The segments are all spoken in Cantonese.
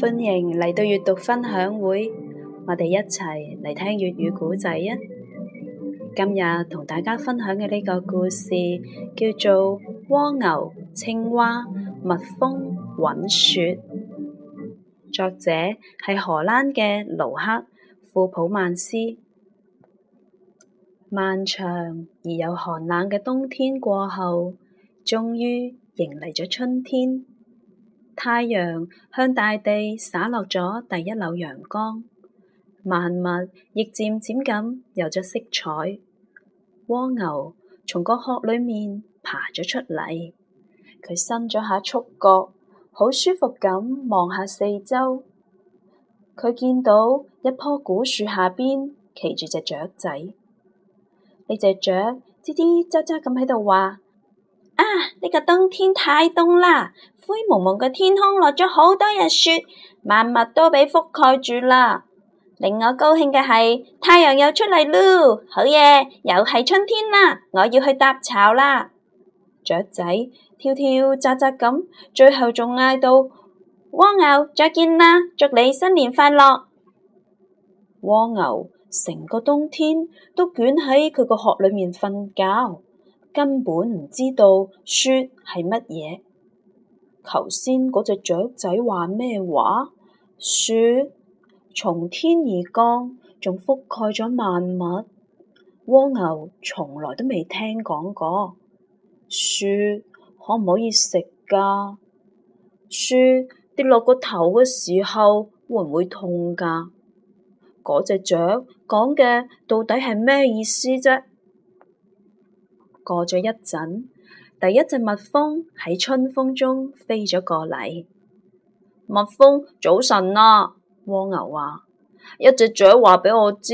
歡迎嚟到閱讀分享會，我哋一齊嚟聽粵語古仔啊！今日同大家分享嘅呢個故事叫做《蝸牛、青蛙、蜜蜂搵雪》，作者係荷蘭嘅盧克·庫普曼斯。漫長而又寒冷嘅冬天過後，終於迎嚟咗春天。太陽向大地灑落咗第一縷陽光，萬物亦漸漸咁有咗色彩。蝸牛從個殼裏面爬咗出嚟，佢伸咗下觸角，好舒服咁望下四周。佢見到一棵古樹下邊企住隻雀仔，呢隻雀吱吱喳喳咁喺度話：啊，呢、這個冬天太凍啦！灰蒙蒙嘅天空落咗好多日雪，萬物都俾覆蓋住啦。令我高興嘅係太陽又出嚟嚕，好嘢，又係春天啦！我要去搭巢啦，雀仔跳跳喳喳咁，最後仲嗌，到蝸牛再見啦，祝你新年快樂。蝸牛成個冬天都捲喺佢個殼裏面瞓覺，根本唔知道雪係乜嘢。頭先嗰隻雀仔話咩話？雪從天而降，仲覆蓋咗萬物。蝸牛從來都未聽講過雪，可唔可以食噶？雪跌落個頭嘅時候會唔會痛噶？嗰隻雀講嘅到底係咩意思啫？過咗一陣。第一隻蜜蜂喺春風中飛咗過嚟。蜜蜂，早晨啦，啊！蝸牛話，啊，一隻雀話俾我知，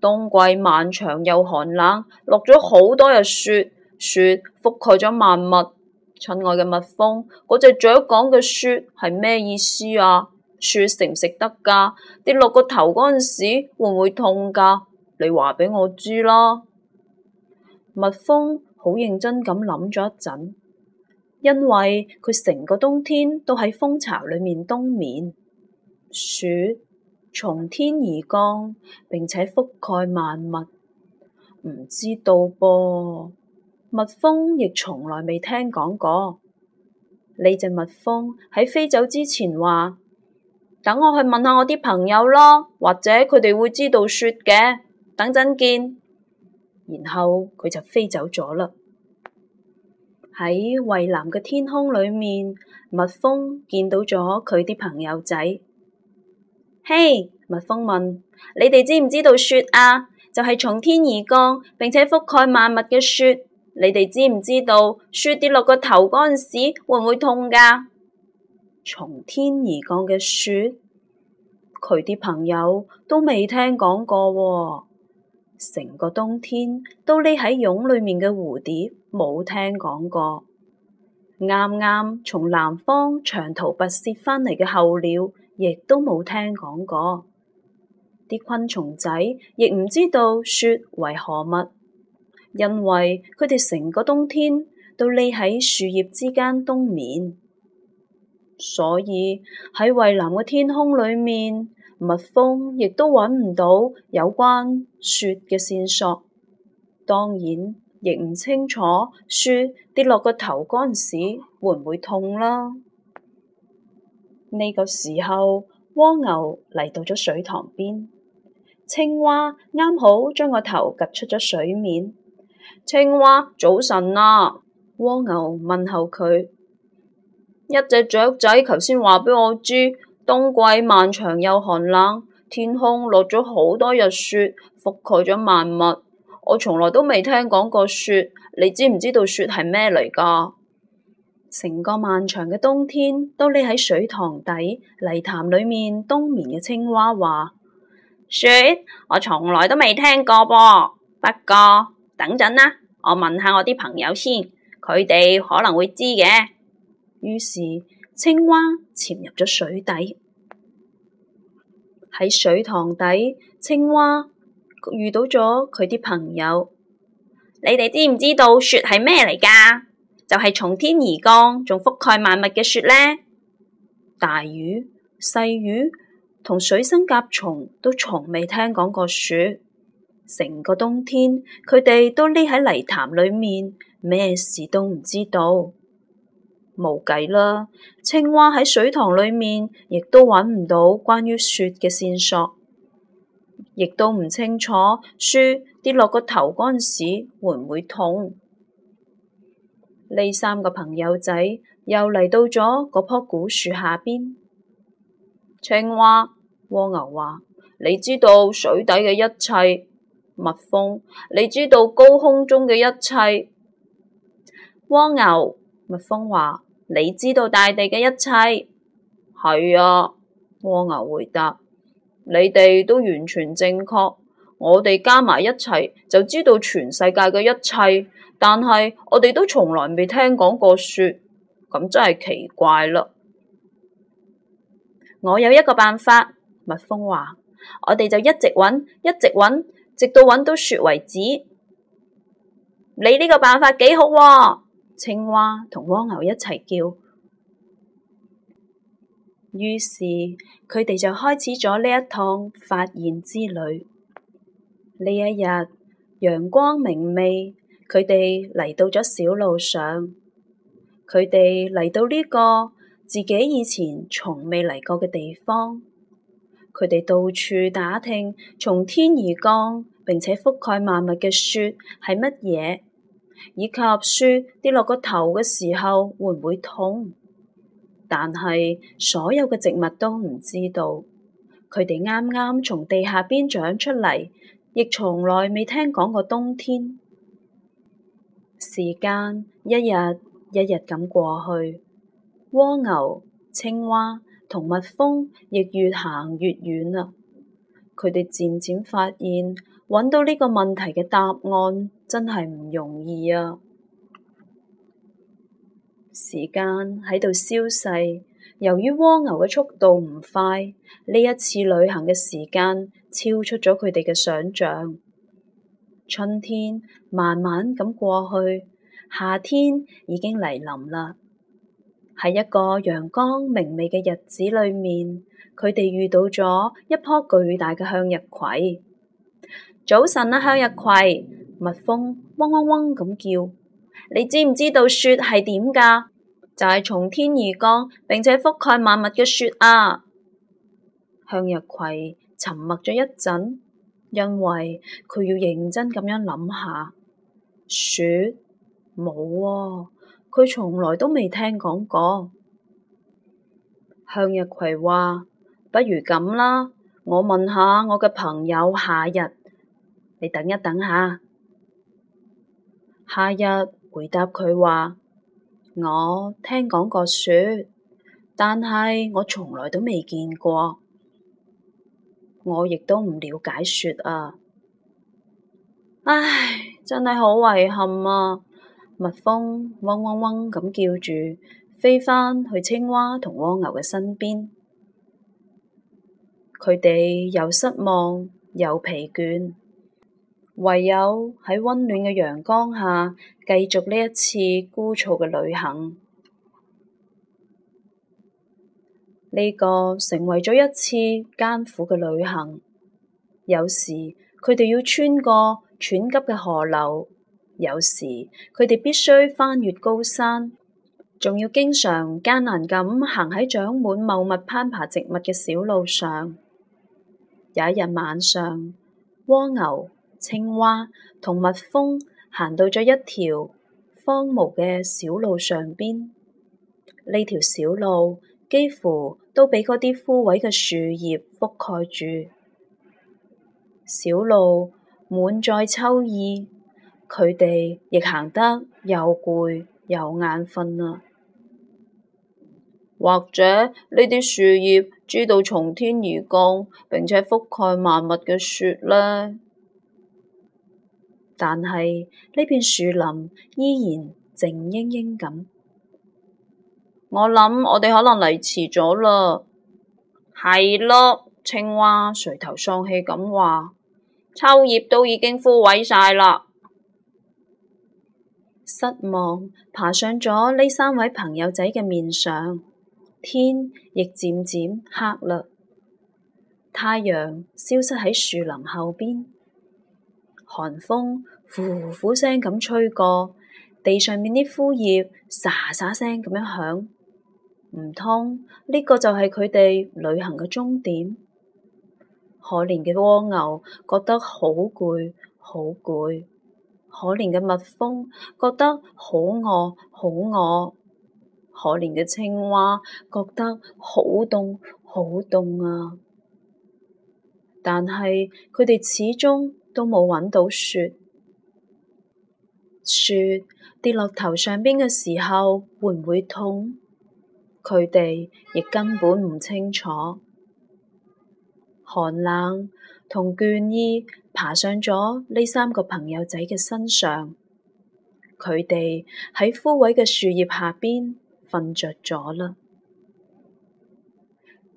冬季漫長又寒冷，落咗好多日雪，雪覆蓋咗萬物。親愛嘅蜜蜂，嗰隻雀講嘅雪係咩意思啊？雪食唔食得噶？跌落個頭嗰陣時會唔會痛噶？你話俾我知啦，蜜蜂。好認真咁諗咗一陣，因為佢成個冬天都喺蜂巢裏面冬眠。雪從天而降，並且覆蓋萬物，唔知道噃，蜜蜂亦從來未聽講過。呢隻蜜蜂喺飛走之前話：等我去問下我啲朋友咯，或者佢哋會知道雪嘅。等陣見。然後佢就飛走咗啦。喺蔚藍嘅天空裏面，蜜蜂見到咗佢啲朋友仔。嘿，hey，蜜蜂問：你哋知唔知道雪啊？就係、是、從天而降，並且覆蓋萬物嘅雪。你哋知唔知道雪跌落個頭嗰陣時會唔會痛噶？從天而降嘅雪，佢啲朋友都未聽講過喎、哦。成個冬天都匿喺蛹裏面嘅蝴蝶，冇聽講過；啱啱從南方長途跋涉返嚟嘅候鳥，亦都冇聽講過。啲昆蟲仔亦唔知道雪為何物，因為佢哋成個冬天都匿喺樹葉之間冬眠，所以喺蔚藍嘅天空裏面。蜜蜂亦都揾唔到有關雪嘅線索，當然亦唔清楚雪跌落個頭嗰陣時會唔會痛啦。呢個時候，蝸牛嚟到咗水塘邊，青蛙啱好將個頭趷出咗水面。青蛙早晨啊！蝸牛問候佢。一隻雀仔頭先話俾我知，冬季漫長又寒冷，天空落咗好多日雪，覆蓋咗萬物。我從來都未聽講過雪，你知唔知道雪係咩嚟噶？成個漫長嘅冬天都匿喺水塘底泥潭裏面冬眠嘅青蛙話：雪，我從來都未聽過噃。不過等陣啦，我問下我啲朋友先，佢哋可能會知嘅。於是。青蛙潛入咗水底，喺水塘底，青蛙遇到咗佢啲朋友。你哋知唔知道雪係咩嚟噶？就係從天而降，仲覆蓋萬物嘅雪呢。大魚、細魚同水生甲蟲都從未聽講過雪，成個冬天佢哋都匿喺泥潭裏面，咩事都唔知道。冇計啦！青蛙喺水塘裏面，亦都揾唔到關於雪嘅線索，亦都唔清楚雪跌落個頭嗰陣時會唔會痛。呢三個朋友仔又嚟到咗嗰棵古樹下邊。青蛙、蝸牛話，你知道水底嘅一切。蜜蜂，你知道高空中嘅一切。蝸牛、蜜蜂話，你知道大地嘅一切，係啊。蝸牛回答，你哋都完全正確，我哋加埋一切，就知道全世界嘅一切。但係我哋都從來未聽講過雪，咁真係奇怪啦。我有一個辦法，蜜蜂話，我哋就一直揾，一直揾，直到揾到雪為止。你呢個辦法幾好啊。青蛙同蝸牛一齊叫，於是佢哋就開始咗呢一趟發現之旅。呢一日，陽光明媚，佢哋嚟到咗小路上，佢哋嚟到呢個自己以前從未嚟過嘅地方。佢哋到處打聽，從天而降並且覆蓋萬物嘅雪係乜嘢，以及雪跌落個頭嘅時候會唔會痛？但係所有嘅植物都唔知道，佢哋啱啱從地下邊長出嚟，亦從來未聽講過冬天。時間一日一日咁過去，蝸牛、青蛙同蜜蜂亦越行越遠啦。佢哋漸漸發現。揾到呢個問題嘅答案，真係唔容易啊！時間喺度消逝，由於蝸牛嘅速度唔快，呢一次旅行嘅時間超出咗佢哋嘅想象。春天慢慢咁過去，夏天已經嚟臨啦。喺一個陽光明媚嘅日子裏面，佢哋遇到咗一棵巨大嘅向日葵。早晨啦、啊，向日葵，蜜蜂嗡嗡嗡咁叫。你知唔知道雪係點噶？就係、是、從天而降，並且覆蓋萬物嘅雪啊！向日葵沉默咗一陣，因為佢要認真咁樣諗下。雪？冇，佢、啊、從來都未聽講過。向日葵話：不如咁啦，我問下我嘅朋友夏日。你等一等下，夏日回答佢話：我聽講過雪，但係我從來都未見過，我亦都唔了解雪啊！唉，真係好遺憾啊！蜜蜂嗡嗡嗡咁叫住，飛返去青蛙同蝸牛嘅身邊，佢哋又失望又疲倦。唯有喺溫暖嘅陽光下，繼續呢一次枯燥嘅旅行。呢個成為咗一次艱苦嘅旅行。有時佢哋要穿過湍急嘅河流，有時佢哋必須翻越高山，仲要經常艱難咁行喺長滿茂密攀爬植物嘅小路上。有一日晚上，蝸牛。青蛙同蜜蜂行到咗一條荒蕪嘅小路上邊，呢條小路幾乎都俾嗰啲枯萎嘅樹葉覆蓋住，小路滿載秋意。佢哋亦行得又攰又眼瞓啊！或者呢啲樹葉知道從天而降，並且覆蓋萬物嘅雪呢？但係呢片樹林依然靜英英咁，我諗我哋可能嚟遲咗啦。係咯，青蛙垂頭喪氣咁話，秋葉都已經枯萎晒啦。失望爬上咗呢三位朋友仔嘅面上，天亦漸漸黑啦，太陽消失喺樹林後邊。寒風呼呼聲咁吹過，地上面啲枯葉沙沙聲咁樣響，唔通呢個就係佢哋旅行嘅終點？可憐嘅蝸牛覺得好攰，好攰；可憐嘅蜜蜂覺得好餓，好餓；可憐嘅青蛙覺得好凍，好凍啊！但係佢哋始終。都冇揾到雪，雪跌落頭上邊嘅時候會唔會痛？佢哋亦根本唔清楚。寒冷同倦意爬上咗呢三個朋友仔嘅身上，佢哋喺枯萎嘅樹葉下邊瞓着咗啦。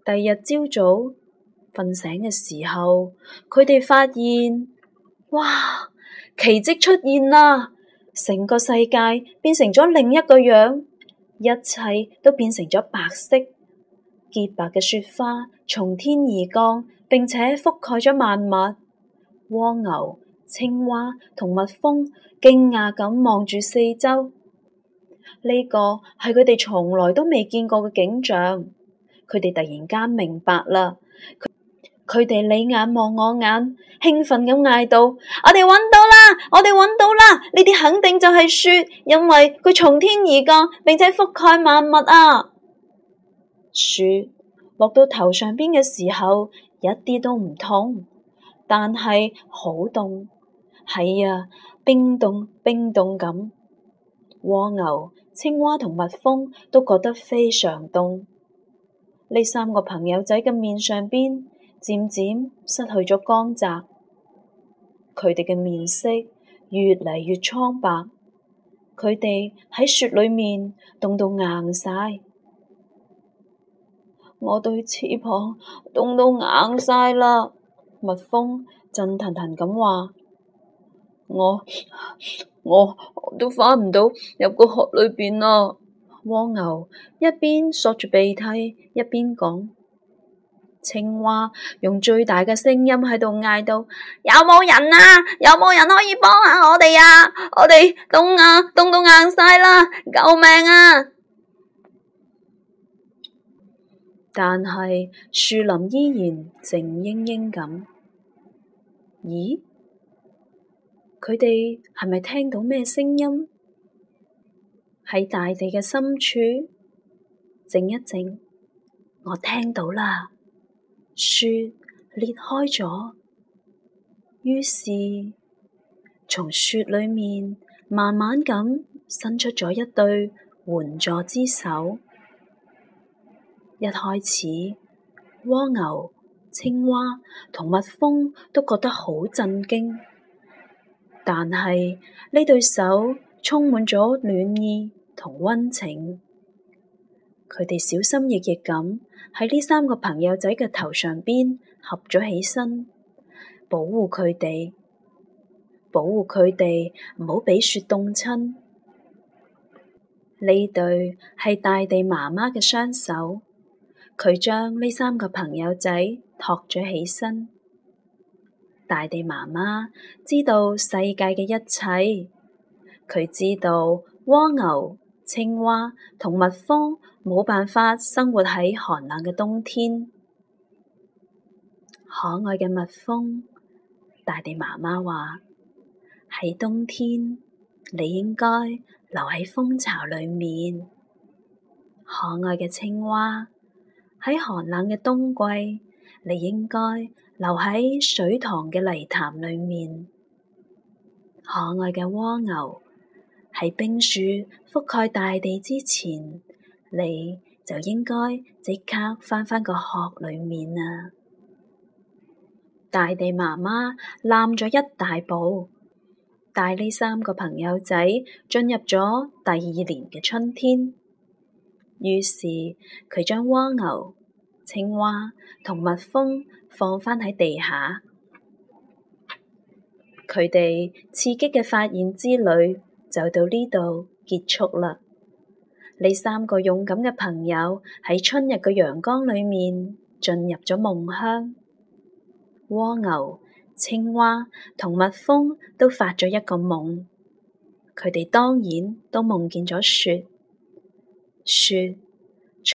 第二日朝早瞓醒嘅時候，佢哋發現。哇！奇蹟出現啦、啊，成個世界變成咗另一個樣，一切都變成咗白色，潔白嘅雪花從天而降，並且覆蓋咗萬物。蝸牛、青蛙同蜜蜂驚訝咁望住四周，呢個係佢哋從來都未見過嘅景象。佢哋突然間明白啦。佢哋你眼望我眼，興奮咁嗌到：我到「我哋揾到啦！我哋揾到啦！呢啲肯定就係雪，因為佢從天而降，並且覆蓋萬物啊！雪落到頭上邊嘅時候，一啲都唔痛，但係好凍。係啊，冰凍冰凍咁。蝸牛、青蛙同蜜蜂都覺得非常凍。呢三個朋友仔嘅面上邊。漸漸失去咗光澤，佢哋嘅面色越嚟越蒼白。佢哋喺雪裏面凍到硬晒。我對翅膀凍到硬晒啦！ 蜜蜂震騰騰咁話：我，我，我都返唔到入個殼裏邊啦！蝸牛一邊索住鼻涕，一邊講。青蛙用最大嘅聲音喺度嗌到：有冇人啊？有冇人可以幫下我哋啊？我哋凍啊，凍到硬晒啦！救命啊！但係樹林依然靜英英咁。咦？佢哋係咪聽到咩聲音？喺大地嘅深處，靜一靜，我聽到啦。雪裂開咗，於是從雪裏面慢慢咁伸出咗一對援助之手。一開始，蝸牛、青蛙同蜜蜂都覺得好震驚，但係呢對手充滿咗暖意同温情。佢哋小心翼翼咁喺呢三個朋友仔嘅頭上邊合咗起身，保護佢哋，保護佢哋唔好俾雪凍親。呢對係大地媽媽嘅雙手，佢將呢三個朋友仔托咗起身。大地媽媽知道世界嘅一切，佢知道蝸牛。青蛙同蜜蜂冇辦法生活喺寒冷嘅冬天。可愛嘅蜜蜂，大地媽媽話：喺冬天，你應該留喺蜂巢裏面。可愛嘅青蛙，喺寒冷嘅冬季，你應該留喺水塘嘅泥潭裏面。可愛嘅蝸牛。喺冰雪覆蓋大地之前，你就應該即刻翻返個殼裏面啦。大地媽媽攬咗一大步，帶呢三個朋友仔進入咗第二年嘅春天。於是佢將蝸牛、青蛙同蜜蜂放返喺地下，佢哋刺激嘅發現之旅，就到呢度結束啦！你三個勇敢嘅朋友喺春日嘅陽光裏面進入咗夢鄉，蝸牛、青蛙同蜜蜂都發咗一個夢，佢哋當然都夢見咗雪，雪。